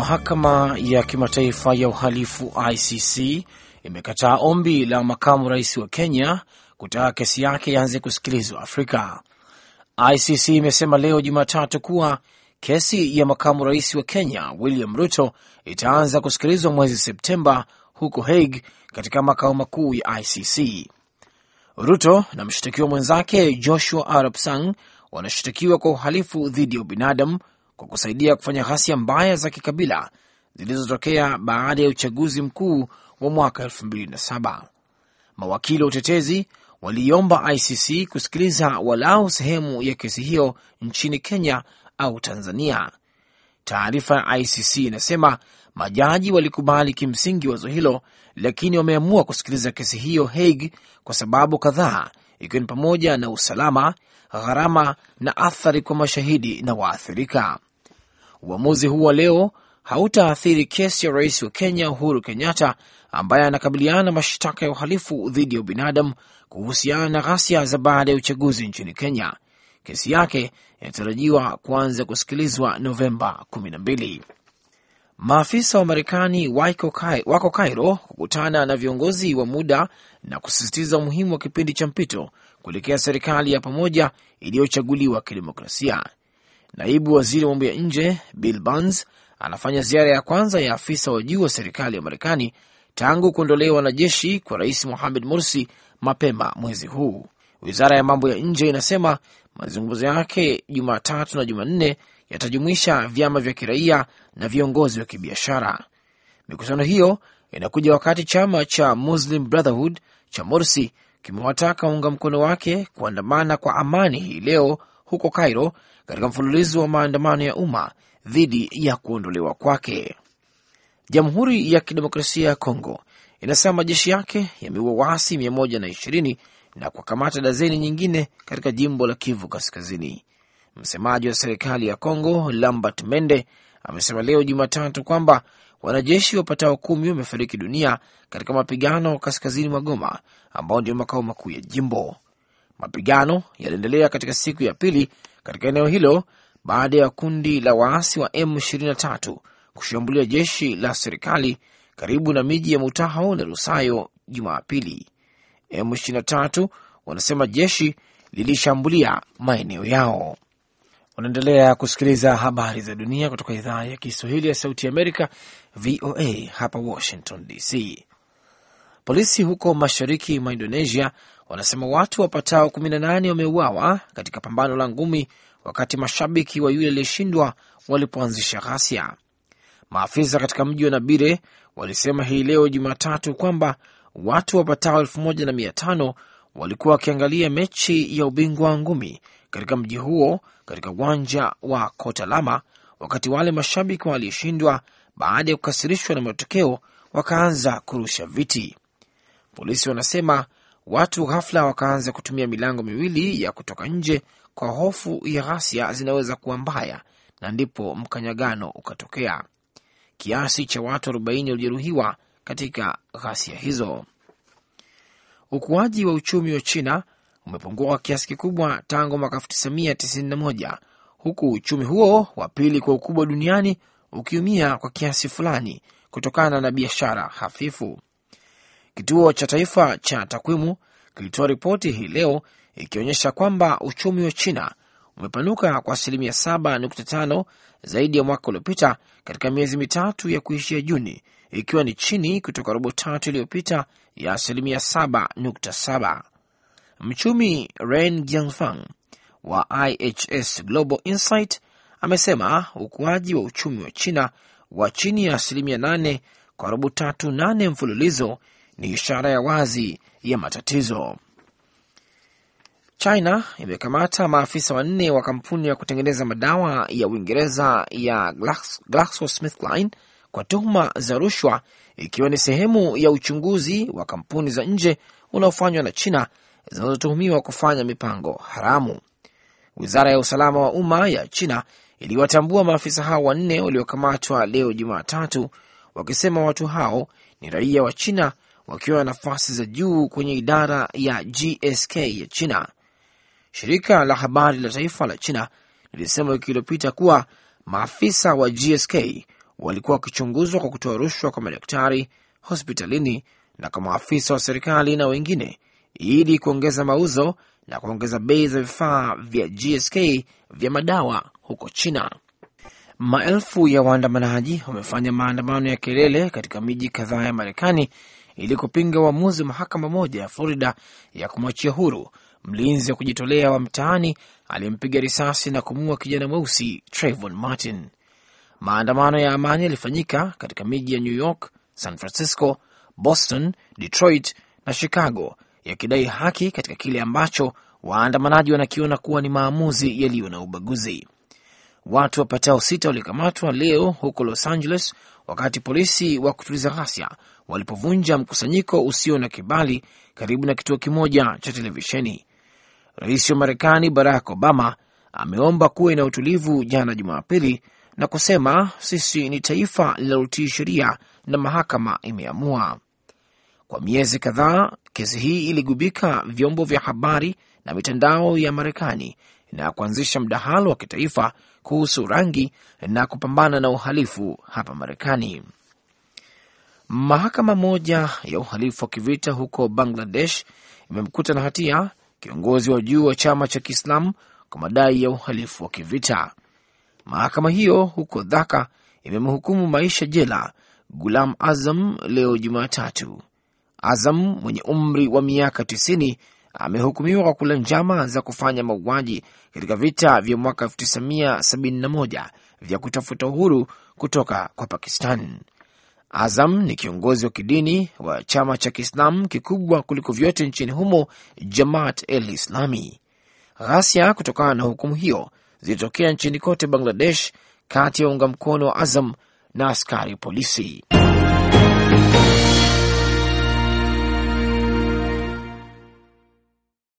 Mahakama ya Kimataifa ya Uhalifu ICC imekataa ombi la makamu rais wa Kenya kutaka kesi yake ianze kusikilizwa Afrika. ICC imesema leo Jumatatu kuwa kesi ya makamu rais wa Kenya William Ruto itaanza kusikilizwa mwezi Septemba huko Hague katika makao makuu ya ICC. Ruto na mshtakiwa mwenzake Joshua Arap Sang wanashtakiwa kwa uhalifu dhidi ya ubinadamu kwa kusaidia kufanya ghasia mbaya za kikabila zilizotokea baada ya uchaguzi mkuu wa mwaka 2007. Mawakili wa utetezi waliiomba ICC kusikiliza walau sehemu ya kesi hiyo nchini Kenya au Tanzania. Taarifa ya ICC inasema majaji walikubali kimsingi wazo hilo, lakini wameamua kusikiliza kesi hiyo Hague kwa sababu kadhaa, ikiwa ni pamoja na usalama, gharama na athari kwa mashahidi na waathirika. Uamuzi huu wa leo hautaathiri kesi ya rais wa Kenya Uhuru Kenyatta ambaye anakabiliana na mashtaka ya uhalifu dhidi ya ubinadamu kuhusiana na ghasia za baada ya uchaguzi nchini Kenya. Kesi yake inatarajiwa kuanza kusikilizwa Novemba 12. Maafisa wa Marekani wako cairo kukutana na viongozi wa muda na kusisitiza umuhimu wa kipindi cha mpito kuelekea serikali ya pamoja iliyochaguliwa kidemokrasia. Naibu waziri wa mambo ya nje Bill Burns anafanya ziara ya kwanza ya afisa wa juu wa serikali ya Marekani tangu kuondolewa wanajeshi kwa rais Mohamed Morsi mapema mwezi huu. Wizara ya mambo ya nje inasema mazungumzo yake Jumatatu na Jumanne yatajumuisha vyama vya kiraia na viongozi wa kibiashara. Mikutano hiyo inakuja wakati chama cha Muslim Brotherhood cha Morsi kimewataka waunga mkono wake kuandamana kwa amani hii leo huko Cairo katika mfululizo wa maandamano ya umma dhidi ya kuondolewa kwake. Jamhuri ya Kidemokrasia ya Kongo inasema majeshi yake yameua waasi 120 na kuwakamata dazeni nyingine katika jimbo la Kivu Kaskazini. Msemaji wa serikali ya Kongo Lambert Mende amesema leo Jumatatu kwamba wanajeshi wapatao kumi wamefariki dunia katika mapigano kaskazini mwa Goma, ambao ndio makao makuu ya jimbo. Mapigano yaliendelea katika siku ya pili katika eneo hilo baada ya kundi la waasi wa M23 kushambulia jeshi la serikali karibu na miji ya Mutaho na Rusayo Jumapili. M23 wanasema jeshi lilishambulia maeneo yao. Unaendelea kusikiliza habari za dunia kutoka idhaa ya Kiswahili ya Sauti ya Amerika, VOA hapa Washington DC. Polisi huko mashariki mwa Indonesia wanasema watu wapatao 18 wameuawa katika pambano la ngumi wakati mashabiki wa yule aliyeshindwa walipoanzisha ghasia. Maafisa katika mji wa Nabire walisema hii leo Jumatatu kwamba watu wapatao 1500 walikuwa wakiangalia mechi ya ubingwa wa ngumi katika mji huo katika uwanja wa Kotalama, wakati wale mashabiki waliyeshindwa baada ya kukasirishwa na matokeo, wakaanza kurusha viti. Polisi wanasema watu ghafla wakaanza kutumia milango miwili ya kutoka nje kwa hofu ya ghasia zinaweza kuwa mbaya, na ndipo mkanyagano ukatokea. Kiasi cha watu 40 walijeruhiwa katika ghasia hizo. Ukuaji wa uchumi wa China umepungua kwa kiasi kikubwa tangu mwaka 1991 huku uchumi huo wa pili kwa ukubwa duniani ukiumia kwa kiasi fulani kutokana na biashara hafifu. Kituo cha Taifa cha Takwimu kilitoa ripoti hii leo ikionyesha kwamba uchumi wa China umepanuka kwa asilimia 7.5 zaidi ya mwaka uliopita katika miezi mitatu ya kuishia Juni, ikiwa ni chini kutoka robo tatu iliyopita ya asilimia 7.7. Mchumi Ren Jianfang wa IHS Global Insight amesema ukuaji wa uchumi wa China wa chini ya asilimia 8 kwa robo tatu nane mfululizo ni ishara ya wazi ya matatizo. China imekamata maafisa wanne wa kampuni ya kutengeneza madawa ya Uingereza ya GlaxoSmithKline kwa tuhuma za rushwa, ikiwa ni sehemu ya uchunguzi wa kampuni za nje unaofanywa na China zinazotuhumiwa kufanya mipango haramu. Wizara ya usalama wa umma ya China iliwatambua maafisa hao wanne waliokamatwa leo Jumatatu, wakisema watu hao ni raia wa China wakiwa na nafasi za juu kwenye idara ya GSK ya China. Shirika la habari la taifa la China lilisema wiki iliyopita kuwa maafisa wa GSK walikuwa wakichunguzwa kwa kutoa rushwa kwa madaktari hospitalini na kwa maafisa wa serikali na wengine ili kuongeza mauzo na kuongeza bei za vifaa vya GSK vya madawa huko China. Maelfu ya waandamanaji wamefanya maandamano ya kelele katika miji kadhaa ya Marekani ili kupinga uamuzi wa mahakama moja ya Florida ya kumwachia huru mlinzi wa kujitolea wa mtaani aliyempiga risasi na kumuua kijana mweusi Trayvon Martin. Maandamano ya amani yalifanyika katika miji ya New York, San Francisco, Boston, Detroit na Chicago yakidai haki katika kile ambacho waandamanaji wanakiona kuwa ni maamuzi yaliyo na ubaguzi. Watu wapatao sita walikamatwa leo huko Los Angeles wakati polisi wa kutuliza ghasia walipovunja mkusanyiko usio na kibali karibu na kituo kimoja cha televisheni. Rais wa Marekani Barack Obama ameomba kuwe na utulivu jana Jumapili na kusema sisi ni taifa linalotii sheria na mahakama imeamua. Kwa miezi kadhaa, kesi hii iligubika vyombo vya habari na mitandao ya Marekani na kuanzisha mdahalo wa kitaifa kuhusu rangi na kupambana na uhalifu hapa Marekani. Mahakama moja ya uhalifu wa kivita huko Bangladesh imemkuta na hatia kiongozi wa juu wa chama cha Kiislamu kwa madai ya uhalifu wa kivita. Mahakama hiyo huko Dhaka imemhukumu maisha jela Gulam Azam leo Jumatatu. Azam mwenye umri wa miaka tisini amehukumiwa kwa kula njama za kufanya mauaji katika vita vya mwaka 1971 vya kutafuta uhuru kutoka kwa Pakistan. Azam ni kiongozi wa kidini wa chama cha kiislam kikubwa kuliko vyote nchini humo, Jamaat el Islami. Ghasia kutokana na hukumu hiyo zilitokea nchini kote Bangladesh, kati ya unga mkono wa Azam na askari polisi.